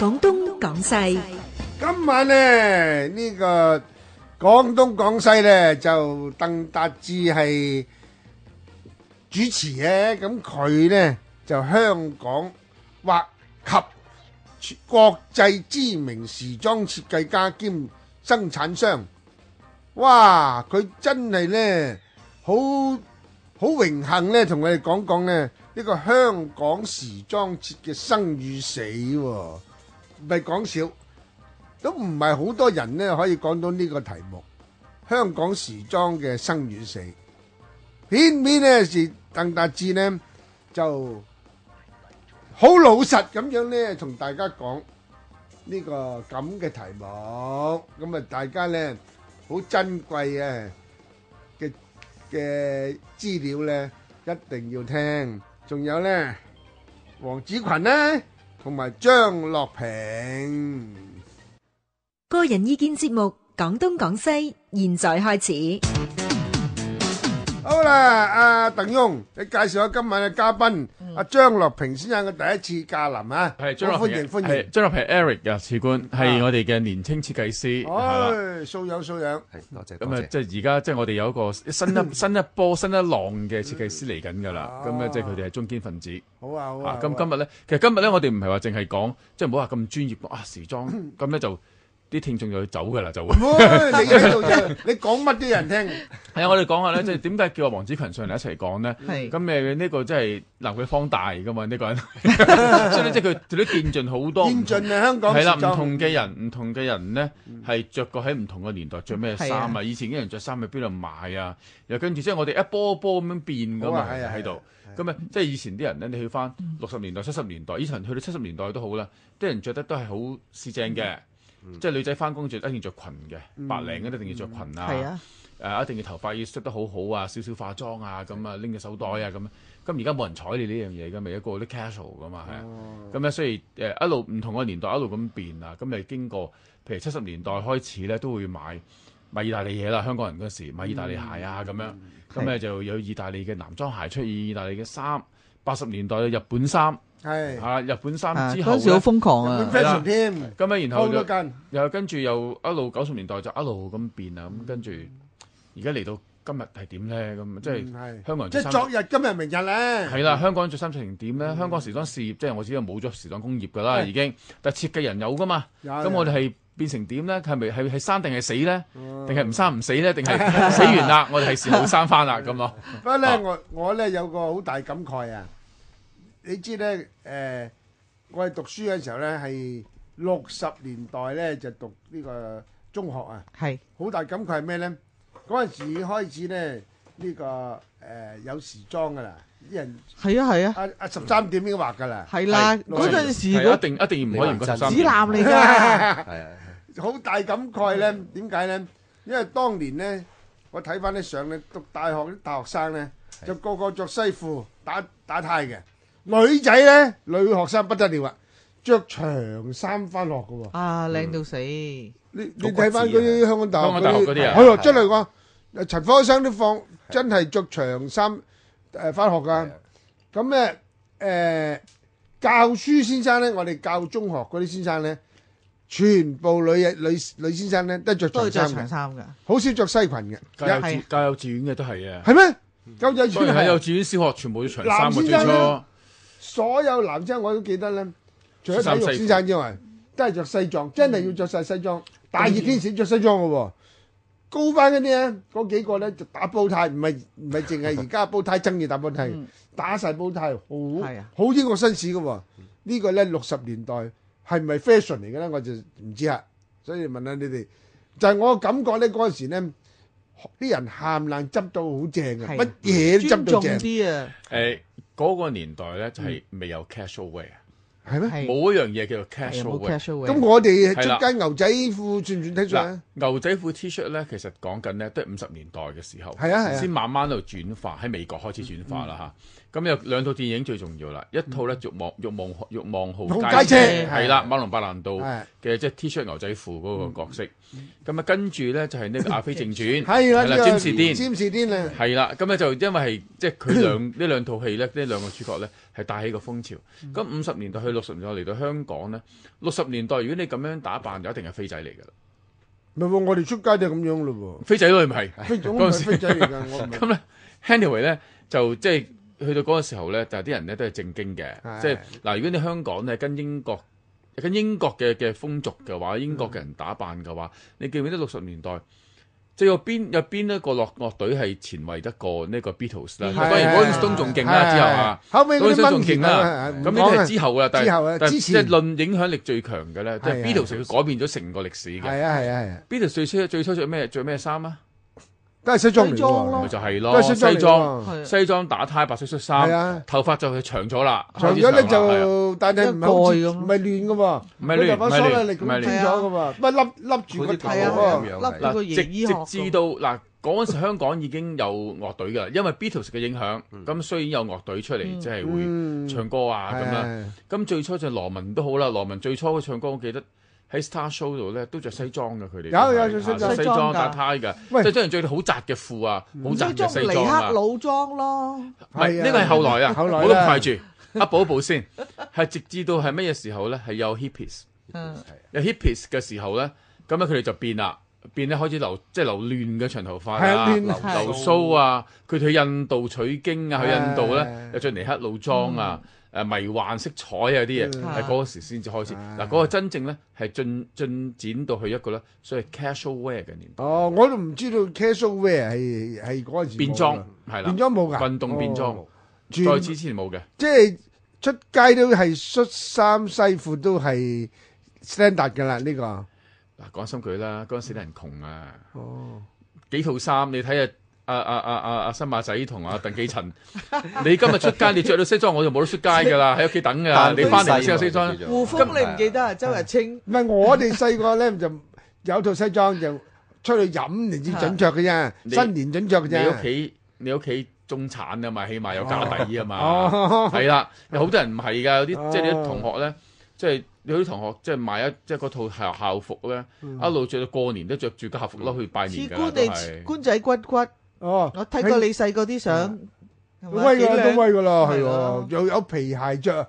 廣東廣西，今晚呢呢、這個廣東廣西呢就鄧達智係主持嘅。咁佢呢就香港或及國際知名時裝設計家兼生產商。哇！佢真係呢好好榮幸呢同我哋講講呢呢、這個香港時裝設嘅生與死，啊。唔係講笑，都唔係好多人咧，可以講到呢個題目。香港時裝嘅生與死，偏偏咧是鄧達智咧就好老實咁樣咧同大家講呢個咁嘅題目。咁啊，大家咧好珍貴呀嘅嘅資料咧，一定要聽。仲有咧，黃子群咧。同埋張樂平，個人意見節目《講東講西》，現在開始。好啦，阿鄧雍，你介紹下今晚嘅嘉賓。張樂平先生嘅第一次駕臨啊，歡迎歡迎，張樂平 Eric 嘅次官係我哋嘅年輕設計師，係啦，素養素養係多謝，咁啊即係而家即係我哋有一個新一新一波新一浪嘅設計師嚟緊噶啦，咁咧即係佢哋係中堅分子，好啊好啊，咁今日咧，其實今日咧我哋唔係話淨係講，即係唔好話咁專業啊時裝，咁咧就。啲聽眾就要走㗎啦，就會你喺度真？你講乜啲人聽？係啊，我哋講下咧，即係點解叫阿黃子群上嚟一齊講咧？係咁誒，呢個真係能夠放大㗎嘛？呢個人即係佢都見盡好多見盡啊！香港係啦，唔同嘅人，唔同嘅人咧係着過喺唔同嘅年代着咩衫啊？以前啲人着衫喺邊度買啊？又跟住即係我哋一波波咁樣變㗎嘛，喺度咁誒，即係以前啲人咧，你去返六十年代、七十年代，以前去到七十年代都好啦，啲人着得都係好四正嘅。即係女仔翻工著一定着裙嘅，白領一定要着裙，嗯、裙啊，誒、嗯啊呃、一定要頭髮要梳得好好啊，少少化妝啊，咁啊拎個手袋啊咁。咁而家冇人睬你呢樣嘢嘅，未有過啲 casual 噶嘛，係、哦、啊。咁咧所以誒、呃、一路唔同嘅年代一路咁變啊。咁咪經過，譬如七十年代開始咧都會買買意大利嘢啦，香港人嗰時買意大利鞋啊咁樣。咁咧、嗯、就有意大利嘅男裝鞋出現，意大利嘅衫，八十年代嘅日本衫。係啊！日本衫之後嗰時好瘋狂啊，日本 Fashion 添，咁樣然後又跟住又一路九十年代就一路咁變啊，咁跟住而家嚟到今日係點咧？咁即係香港人即係昨日、今日、明日咧？係啦，香港着衫變成點咧？香港時裝事業即係我知冇咗時裝工業噶啦，已經，但設計人有噶嘛？咁我哋係變成點咧？係咪係係生定係死咧？定係唔生唔死咧？定係死完啦？我哋係時候生翻啦咁咯。不過咧，我我咧有個好大感慨啊！你知咧？誒、呃，我哋讀書嘅時候咧，係六十年代咧就讀呢個中學啊。係好是大感慨係咩咧？嗰陣時開始咧，呢、這個誒、呃、有時裝噶啦，啲人係啊係啊，阿阿、啊啊、十三點已經畫噶啦。係啦、啊，嗰陣、啊、時一定那一定唔可以唔十三點指南嚟㗎。係啊，好 大感慨咧。點解咧？因為當年咧，我睇翻啲相咧，讀大學啲大學生咧，是就個個着西褲打打呔嘅。女仔咧，女學生不得了啊！着長衫翻學嘅喎，啊，靚到、啊、死！嗯、你你睇翻嗰啲香港大學嗰啲啊，係咯些，真係喎！陳科生都放，真係着長衫誒翻學噶、啊。咁咧誒，教書先生咧，我哋教中學嗰啲先生咧，全部女嘅女女先生咧都着長衫嘅，好少着西裙嘅。教幼教幼稚園嘅都係啊，係咩？教幼稚園係幼稚園、小學全部要長衫嘅，最初。所有男仔我都記得咧，除咗體育先生之外，都係著西裝，真係要著晒西裝。大熱天時著西裝嘅喎，高班嗰啲咧，嗰幾個咧就打煲呔，唔係唔係淨係而家煲呔爭住打煲呔，打曬煲呔，好好超過紳士嘅喎。呢個咧六十年代係咪 fashion 嚟嘅咧？我就唔知啊。所以問下你哋，就係我感覺咧嗰陣時咧，啲人喊冷執到好正嘅，乜嘢都執到正。嗰個年代咧，嗯、就係未有 casual wear 係咩？冇一樣嘢叫做 casual wear。咁我哋出街牛仔褲 T 恤咧，牛仔褲 T 恤咧，其實講緊咧都係五十年代嘅時候，係啊先、啊、慢慢度轉化喺美國開始轉化啦。咁有兩套電影最重要啦，一套咧欲望欲望欲望號街車，係啦，馬龍白蘭度嘅即係 T 恤牛仔褲嗰個角色。咁啊，跟住咧就係呢《阿飛正傳》，係啦，《占士甸》，占士甸啊，係啦。咁咧就因為係即係佢兩呢兩套戲咧，呢兩個主角咧係帶起個風潮。咁五十年代去六十年代嚟到香港咧，六十年代如果你咁樣打扮就一定係飛仔嚟㗎啦。唔係喎，我哋出街就係咁樣咯喎。飛仔都唔係，當時飛仔嚟㗎。咁咧，anyway 咧就即係。去到嗰個時候咧，就係啲人咧都係正經嘅，即係嗱。如果你香港咧跟英國，跟英國嘅嘅風俗嘅話，英國嘅人打扮嘅話，你記唔記得六十年代？即係有邊有邊一個樂樂隊係前衞得過呢個 Beatles 啦？當然 Elton 仲勁啦，之後啊 Elton 仲勁啦。咁呢啲係之後啦，但係即係論影響力最強嘅咧，即係 Beatles 佢改變咗成個歷史嘅。係啊係啊係啊！Beatles 最初最初着咩着咩衫啊？都係西裝咯，咪就係咯，西裝西裝打呔白色恤衫，頭髮就長咗啦，長咗你就但係唔係好似唔係亂噶嘛，唔係亂，唔係亂，唔係亂咗噶嘛，咪笠笠住個頭咁樣，直，直至到嗱嗰陣時香港已經有樂隊噶，因為 Beatles 嘅影響，咁雖然有樂隊出嚟即係會唱歌啊咁啦，咁最初就羅文都好啦，羅文最初嘅唱歌我記得。喺 Star Show 度咧都着西裝嘅佢哋，有有着西裝嘅，西裝打呔嘅，即係着啲好窄嘅褲啊，好窄嘅西裝啊，即係着尼克老裝咯，唔係呢個係後來啊，我都唔排住一步一步先，係直至到係乜嘢時候咧？係有 hippies，有 hippies 嘅時候咧，咁咧佢哋就變啦，變咧開始留即係留亂嘅長頭髮啊，留留鬚啊，佢哋去印度取經啊，去印度咧又着尼克老裝啊。誒、啊、迷幻色彩啊啲嘢，喺嗰、啊、時先至開始。嗱、啊，嗰個真正咧係進進展到去一個咧，所謂 casual wear 嘅年代。哦，我都唔知道 casual wear 係係嗰陣時。變裝係啦，變裝冇㗎，運動變裝再、哦、之前冇嘅。即係出街都係恤衫西褲都係 standard 㗎啦。呢、這個嗱講深佢啦，嗰陣時啲人窮啊。哦，幾套衫你睇下。阿阿阿阿阿新馬仔同阿鄧寄塵，你今日出街你着到西裝，我就冇得出街噶啦，喺屋企等噶。你翻嚟先有西裝。咁你唔記得啊？周日清。唔係我哋細個咧，就有套西裝就出去飲先至準着嘅啫。新年準着嘅啫。你屋企，你屋企中產啊嘛，起碼有家底啊嘛。係啦，有好多人唔係㗎，有啲即係啲同學咧，即係有啲同學即係買一即係套校校服咧，一路着到過年都着住個校服咯，去拜年。官仔骨骨。哦，我睇過你細個啲相，威嘅啦，威嘅啦，係，又有皮鞋着，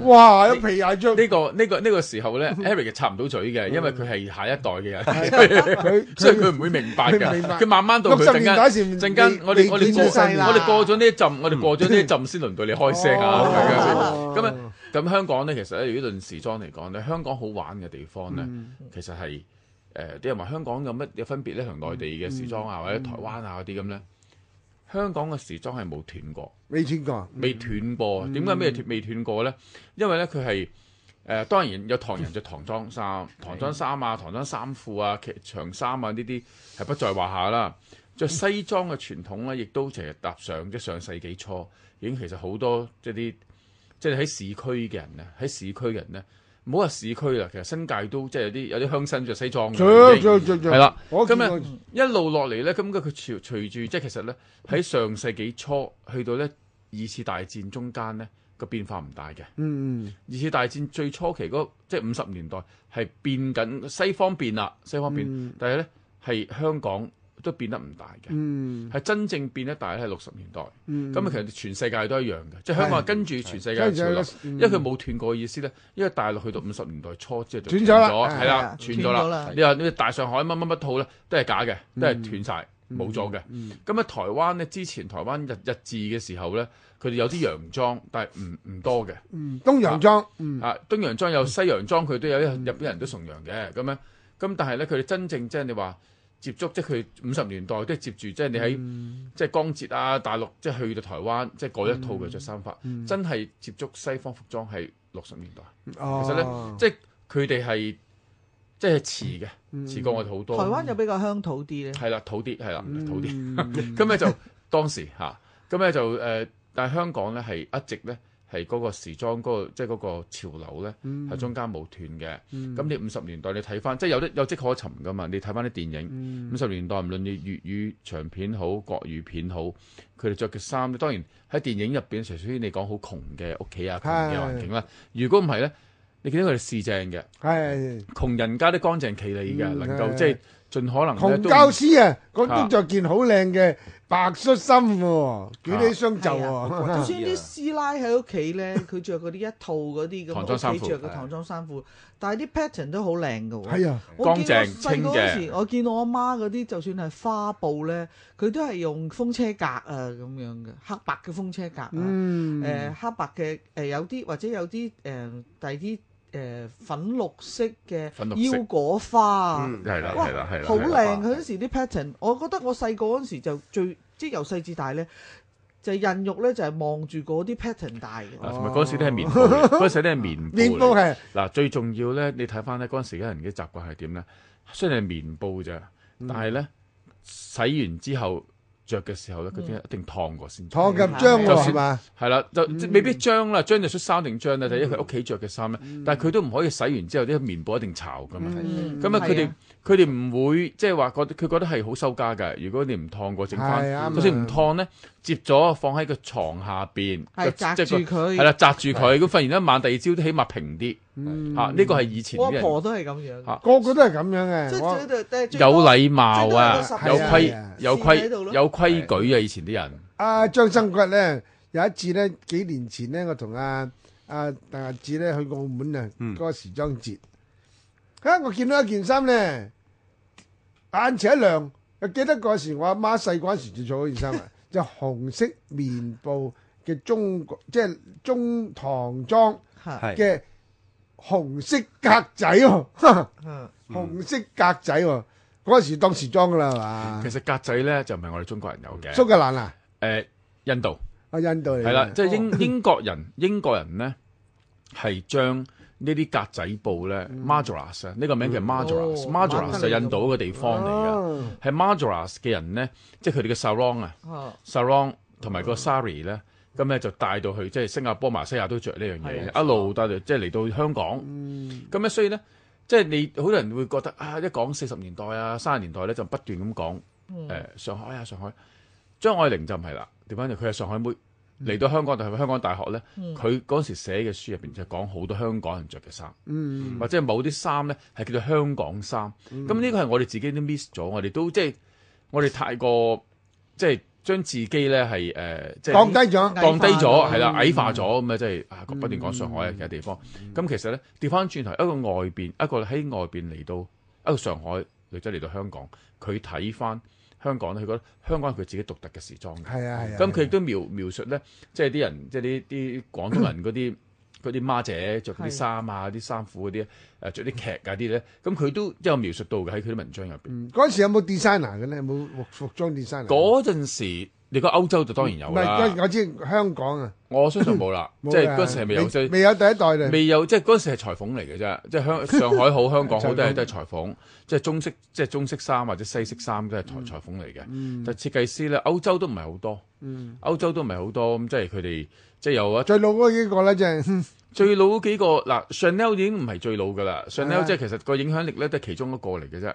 哇，有皮鞋着，呢個呢個呢個時候咧，Eric 係插唔到嘴嘅，因為佢係下一代嘅人，佢所以佢唔會明白嘅，佢慢慢到佢陣間，陣間我哋我哋過咗呢一陣，我哋過咗呢一陣先輪到你開聲啊！咁咁香港咧，其實咧，如果論時裝嚟講咧，香港好玩嘅地方咧，其實係。誒啲人話香港有乜嘢分別咧，同內地嘅時裝啊，嗯、或者台灣啊嗰啲咁咧？香港嘅時裝係冇斷過，未斷過，未、嗯、斷過。點解咩斷未斷過咧？因為咧佢係誒，當然有唐人着唐裝衫、嗯、唐裝衫啊、是的唐裝衫褲啊、長衫啊呢啲係不在話下啦。着西裝嘅傳統咧，啊，亦都成日搭上即上世紀初已經，其實好多即係啲即係喺市區嘅人咧，喺市區嘅人咧。唔好話市區啦，其實新界都即係有啲有啲鄉紳着西裝嘅。係啦，咁啊一路落嚟咧，咁佢佢隨住即係其實咧，喺上世紀初去到咧二次大戰中間咧，個變化唔大嘅。嗯嗯，二次大戰最初期嗰，即係五十年代係變緊，西方變啦，西方變，嗯、但係咧係香港。都變得唔大嘅，係真正變得大咧係六十年代。咁啊，其實全世界都一樣嘅，即係香港跟住全世界。因為佢冇斷過嘅意思咧，因為大陸去到五十年代初即係斷咗，係啦，斷咗啦。你話呢大上海乜乜乜套咧，都係假嘅，都係斷晒，冇咗嘅。咁啊，台灣咧之前台灣日日治嘅時候咧，佢哋有啲洋裝，但係唔唔多嘅。東洋裝，啊東洋裝有西洋裝，佢都有啲日本人都崇洋嘅咁樣。咁但係咧，佢哋真正即係你話。接觸即係佢五十年代都係接住，即係你喺、嗯、即係江浙啊、大陸，即係去到台灣，即係嗰一套嘅着衫法，嗯嗯、真係接觸西方服裝係六十年代。哦、其實咧，即係佢哋係即係遲嘅，遲過我哋好多、嗯。台灣又比較鄉土啲咧，係啦，土啲係啦，土啲。咁咧、嗯、 就當時吓，咁咧就誒、呃，但係香港咧係一直咧。係嗰個時裝嗰個即係嗰個潮流咧，係、嗯、中間冇斷嘅。咁、嗯、你五十年代你睇翻，就是、即係有啲有跡可尋㗎嘛？你睇翻啲電影，五十、嗯、年代唔論你粵語長片好、國語片好，佢哋着嘅衫，當然喺電影入邊，除非你講好窮嘅屋企啊咁嘅環境啦。是是是如果唔係咧，你見到佢哋視正嘅，係窮人家都乾淨企理嘅，嗯、能夠夠即係。盡可能咧，教師啊，佢都著件好靚嘅白恤衫喎，捲你雙袖喎。就算啲師奶喺屋企咧，佢着嗰啲一套嗰啲咁，屋企着嘅唐裝衫褲，但係啲 pattern 都好靚嘅喎。係啊，乾淨清淨。我見我細個嗰時，我見我阿媽嗰啲，就算係花布咧，佢都係用風車格啊咁樣嘅，黑白嘅風車格啊。黑白嘅有啲或者有啲誒，第啲。誒、呃、粉綠色嘅腰果花，嗯、哇，好靚！嗰陣的時啲 pattern，我覺得我細個嗰陣時就最即係由細至大咧，就孕育咧就係、是、望住嗰啲 pattern 大嘅。嗱、啊，同埋嗰陣時都係棉布，嗰陣 時都係棉布。棉布係嗱、啊，最重要咧，你睇翻咧，嗰陣時啲人嘅習慣係點咧？雖然係棉布咋，嗯、但係咧洗完之後。着嘅時候咧，佢啲一定燙過先。燙咁張喎，係嘛？係啦，就未必張啦，張就出衫定張咧，就因為佢屋企着嘅衫咧。但係佢都唔可以洗完之後啲棉布一定潮噶嘛。咁啊，佢哋佢哋唔會即係話覺得佢覺得係好收家嘅。如果你唔燙過整翻，就算唔燙咧，接咗放喺個床下邊，即係佢係啦，紮住佢。咁瞓完一晚，第二朝都起碼平啲。嗯，啊，呢個係以前，我婆都係咁樣，個個都係咁樣嘅，有禮貌啊，有規有規有規矩啊，以前啲人。啊，張生骨咧，有一次咧，幾年前咧，我同阿阿鄧達智咧去澳門啊，嗰個時裝節，我見到一件衫咧，眼前一亮，又記得嗰時我阿媽細嗰陣時就着嗰件衫啊，就紅色棉布嘅中國，即係中唐裝嘅。紅色格仔喎，呵呵嗯，紅色格仔喎，嗰陣時當時裝噶啦，係嘛？其實格仔咧就唔係我哋中國人有嘅，蘇格蘭啊？誒、欸，印度啊，印度嚟，係啦，即、就、係、是、英、哦、英國人，英國人咧係將呢啲格仔布咧，Madras 啊，呢、嗯這個名叫 Madras，Madras、哦、就是印度一個地方嚟嘅，係 Madras 嘅人咧，即係佢哋嘅 sarong 啊 sarong 同埋個 sari 咧。咁咧就帶到去，即、就、係、是、新加坡、馬西亞都着呢樣嘢，的一路帶到即係嚟到香港。咁咧、嗯，所以咧，即、就、係、是、你好多人會覺得啊，一講四十年代啊、三十年代咧，就不斷咁講、嗯呃、上海啊、上海。張愛玲就唔係啦，點解？佢係上海妹嚟、嗯、到香港，係學香港大學咧，佢嗰、嗯、時寫嘅書入面就講好多香港人着嘅衫，嗯、或者某啲衫咧係叫做香港衫。咁呢、嗯、個係我哋自己都 miss 咗，我哋都即係、就是、我哋太過即係。就是將自己咧係誒即係降低咗，降低咗係啦矮化咗咁啊！即係啊不斷講上海嘅其他地方。咁、嗯嗯、其實咧掉翻轉頭一個外邊，一個喺外邊嚟到一個上海女仔嚟到香港，佢睇翻香港咧，佢覺得香港係佢自己獨特嘅時裝嘅。係啊係啊。咁佢亦都描描述咧，即係啲人即係啲啲廣東人嗰啲。 嗰啲媽姐着啲衫啊，啲衫褲嗰啲，誒着啲劇啊啲咧，咁佢都都有描述到嘅喺佢啲文章入邊，嗰陣、嗯、時有冇 designer 嘅咧？有冇服裝 designer？嗰陣時，你講歐洲就當然有啦。唔係，我知香港啊。我相信冇啦，即係嗰時未有即係未有第一代嚟，未有即係嗰時係裁縫嚟嘅啫，即係香上海好、香港好都係都係裁縫，即係中式即係中式衫或者西式衫都係裁裁縫嚟嘅。就係設計師咧，歐洲都唔係好多，歐洲都唔係好多咁，即係佢哋即係有啊最老嗰幾個咧，即係最老嗰幾個嗱，Chanel 已經唔係最老㗎啦，Chanel 即係其實個影響力咧都係其中一個嚟嘅啫。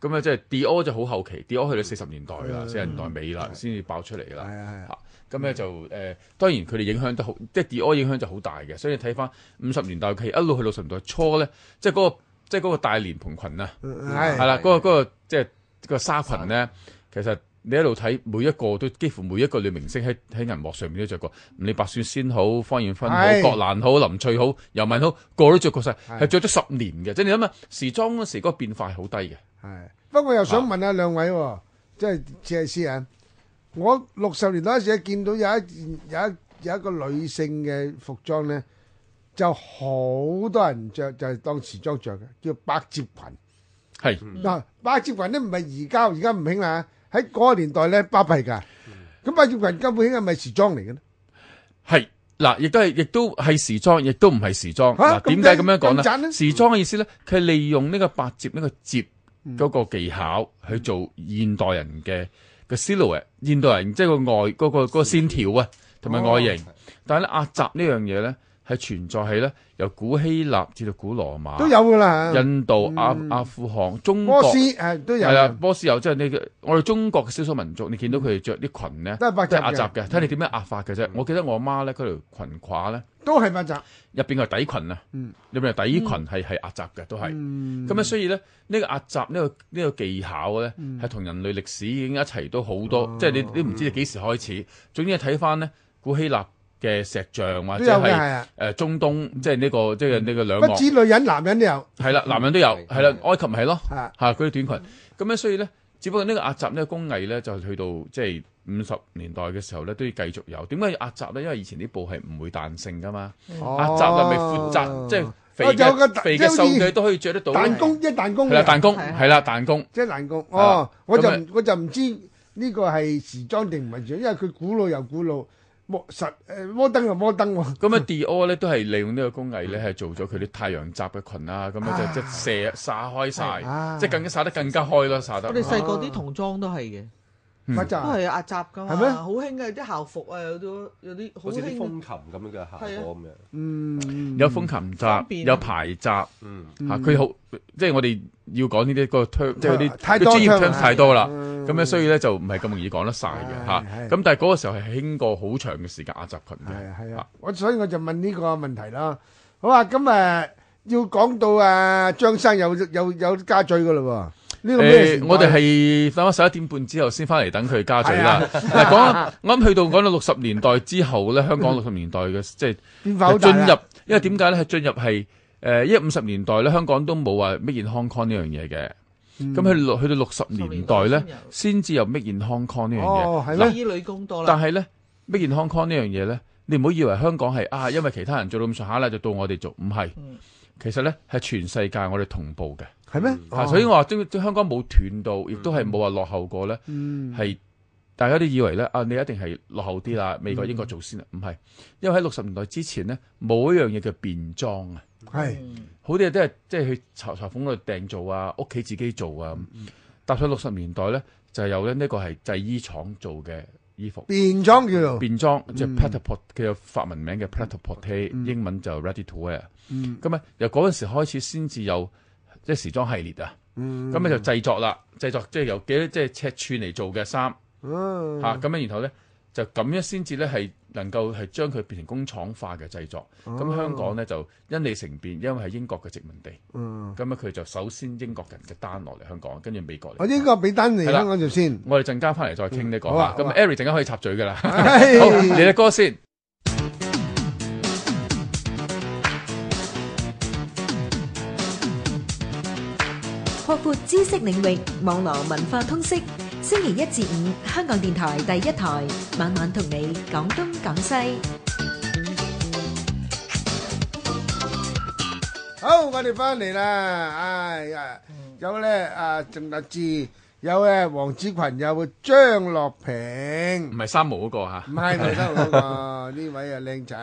咁啊，即係 Dior 就好後期，Dior 去到四十年代啦，四十年代尾啦，先至爆出嚟㗎啦。咁咧、嗯、就誒、呃，當然佢哋影響得好，即係 Dior 影響就好大嘅。所以你睇翻五十年代期一路去到六十年代初咧，即係嗰、那個即係嗰大蓮蓬裙啊，係啦，嗰個、那個、即係、那個紗裙咧,三其實你一路睇每一個都幾乎每一個女明星喺喺銀幕上面都着過。你白雪仙好，方艷芬好，葛的蘭好，林翠好，尤敏好，個都着過晒，係着咗十年嘅。即係你諗下，時裝嗰時嗰個變化係好低嘅。係，不過又想問下兩位，即係只係私人。我六十年代嗰時候，見到有一件有一有一個女性嘅服裝咧，就好多人着，就係當時裝着嘅，叫百褶裙。係嗱，百褶裙咧唔係而家，而家唔興啦。喺嗰個年代咧，巴閉噶。咁百褶裙根本係咪時裝嚟嘅咧？係嗱，亦都係，亦都係時裝，亦都唔係時裝。嗱，點解咁樣講咧？時裝嘅意思咧，佢係利用呢個百褶呢個折嗰個技巧去做現代人嘅。個 silhouette 啊，現代人即係，個外嗰個嗰個線條啊同埋外形，哦、但係咧壓雜呢樣嘢咧係存在喺咧，由古希臘至到古羅馬都有噶啦，印度、阿阿富汗、中國、波斯，誒都有。係啦，波斯有，即係呢個我哋中國嘅少數民族，你見到佢哋着啲裙咧，都係壓褶嘅，睇你點樣壓法嘅啫。我記得我阿媽咧，嗰條裙褂咧，都係壓褶。入邊係底裙啊，入邊係底裙，係係壓褶嘅，都係。咁咧，所以咧，呢個壓褶呢個呢個技巧咧，係同人類歷史已經一齊都好多，即係你都唔知你幾時開始。總之睇翻咧，古希臘。嘅石像或者係誒中東，即係呢個，即係呢個兩。不止女人、男人都有。係啦，男人都有，係啦。埃及咪係咯，嚇佢啲短裙。咁樣，所以咧，只不過呢個壓紮咧，工藝咧，就去到即係五十年代嘅時候咧，都要繼續有。點解壓紮咧？因為以前啲布係唔會彈性噶嘛。壓紮嘅，咪寬窄，即係肥嘅、肥嘅、瘦嘅都可以着得到。彈弓，即係彈弓。係啦，彈弓，係啦，彈弓。即係彈弓。哦，我就我就唔知呢個係時裝定唔係時裝，因為佢古老又古老。摩實誒，摩登啊，摩登喎。咁啊，Dior 咧，都係利用呢個工藝咧，係做咗佢啲太陽集嘅裙啊。咁就即即射撒開晒，即更加撒得更加開咯，撒得。我哋細個啲童裝都係嘅，都係壓集噶，係咩？好興嘅啲校服啊，有啲有啲好似啲風琴咁樣嘅效果咁樣。嗯，有風琴集，有排集。嗯，吓佢好，即係我哋要講呢啲個 term 即係啲專業 term 太多啦。咁、嗯嗯、所以咧就唔係咁容易講得晒嘅咁，但係嗰個時候係興過好長嘅時間壓集群嘅。啊，我所以我就問呢個問題啦。好啊，咁誒、啊、要講到啊張生有有有加嘴㗎喇喎。誒、呃，我哋係等我十一點半之後先翻嚟等佢加嘴啦。講是的 我啱去到講到六十年代之後咧，香港六十年代嘅即係進入，因為點解咧？係進入係、呃、因一五十年代咧，香港都冇話乜健康 o 呢樣嘢嘅。咁佢、嗯、去到六十年代咧，先至有 Made in Hong Kong 呢樣嘢。哦，係咧。依女工多啦。但係咧，Made in Hong Kong 呢樣嘢咧，你唔好以為香港係啊，因為其他人做到咁上下啦，就到我哋做。唔係，嗯、其實咧係全世界我哋同步嘅。係咩嗎、啊？所以我話香港冇斷到，嗯、亦都係冇話落後過咧。係、嗯、大家都以為咧啊，你一定係落後啲啦，美國、英國先做先啦。唔係、嗯，因為喺六十年代之前咧，冇一樣嘢叫變裝啊。係，是好啲嘢都係即係去裁裁縫度訂做啊，屋企自己做啊踏、嗯、上六十年代咧，就有咧呢、這個係製衣廠做嘅衣服。便裝叫做。便裝，嗯、即係 prêt-à-porter 佢有法文名嘅 prêt-à-porter，、嗯、英文就 ready to wear、嗯。咁啊，由嗰陣時開始先至有即係時裝系列啊。咁咧、嗯、就製作啦，製作即係由幾多即係尺寸嚟做嘅衫。嚇、哦，咁咧、啊、然後咧。就咁樣先至咧，係能夠係將佢變成工廠化嘅製作。咁香港咧就因利成變，因為係英國嘅殖民地。咁啊，佢就首先英國人嘅單落嚟香港，跟住美國嚟。我英國俾單嚟香港先。我哋陣間翻嚟再傾呢個吓。咁 Eric 陣間可以插嘴噶啦。好，你隻歌先。擴闊知識領域，網羅文化通識。星期一至五，香港電台第一台，晚晚同你講東講西。好，我哋翻嚟啦！哎呀，有咧啊，鄧達智，有咧黃子群，有張樂平，唔係三毛嗰個吓，唔係三毛嗰個，呢位啊靚仔。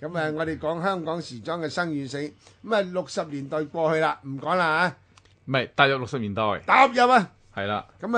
咁啊，我哋講香港時裝嘅生與死。咁啊，六十年代過去啦，唔講啦啊，唔係大約六十年代，答入啊！係啦，咁誒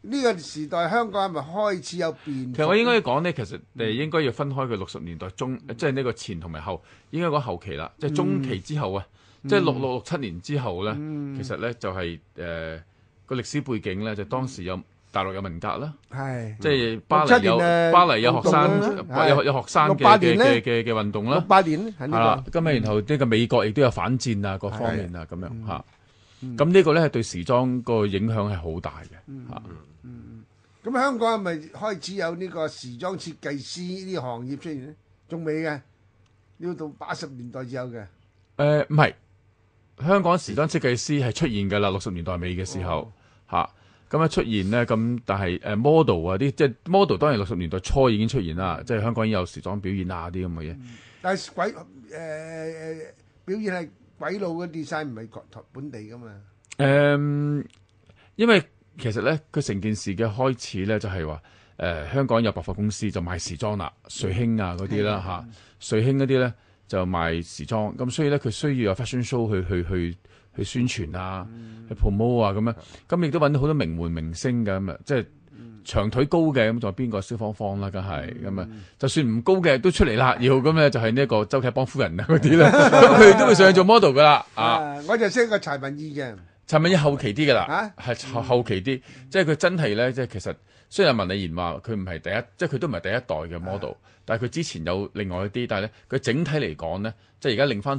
呢個時代香港係咪開始有變？其實我應該講呢，其實誒應該要分開佢，六十年代中，即係呢個前同埋後，應該講後期啦，即係中期之後啊，即係六六六七年之後咧，其實咧就係誒個歷史背景咧，就當時有大陸有文革啦，係即係巴黎有巴黎有學生有有學生嘅嘅嘅運動啦，六八年喺呢度咁啊，然後呢個美國亦都有反戰啊，各方面啊咁樣嚇咁呢個咧係對時裝個影響係好大嘅，吓、啊、咁、嗯嗯嗯嗯嗯嗯、香港係咪開始有呢個時裝設計師呢行業出現咧？仲未嘅，要到八十年代之後嘅。誒、呃，唔係，香港時裝設計師係出現嘅啦，六十年代尾嘅時候，吓、啊、咁、嗯、樣、嗯嗯嗯、出現咧，咁但係誒 model 啊啲，即係 model 當然六十年代初已經出現啦，即、就、係、是、香港已經有時裝表演啊啲咁嘅嘢。但係鬼誒誒，表現係。鬼佬嘅 design 唔係國台本地噶嘛？誒、嗯，因為其實咧，佢成件事嘅開始咧，就係話誒，香港有百貨公司就賣時裝啦，瑞興啊嗰啲啦嚇，瑞興嗰啲咧就賣時裝，咁所以咧佢需要有 fashion show 去去去去宣傳啊，嗯、去 promote 啊咁樣，咁亦都搵到好多名門明星嘅咁啊，即係。長腿高嘅咁仲有邊個？蕭芳芳啦，梗係咁啊！就算唔高嘅都出嚟啦，要咁咧就係呢一個周啟邦夫人啊嗰啲咁佢都會上去做 model 噶啦 啊！ 啊我就識一個柴文義嘅，柴文義後期啲噶啦，係、啊、後期啲、嗯，即係佢真係咧，即係其實雖然文麗賢話佢唔係第一，即係佢都唔係第一代嘅 model，、啊、但係佢之前有另外一啲，但係咧佢整體嚟講咧，即係而家另翻。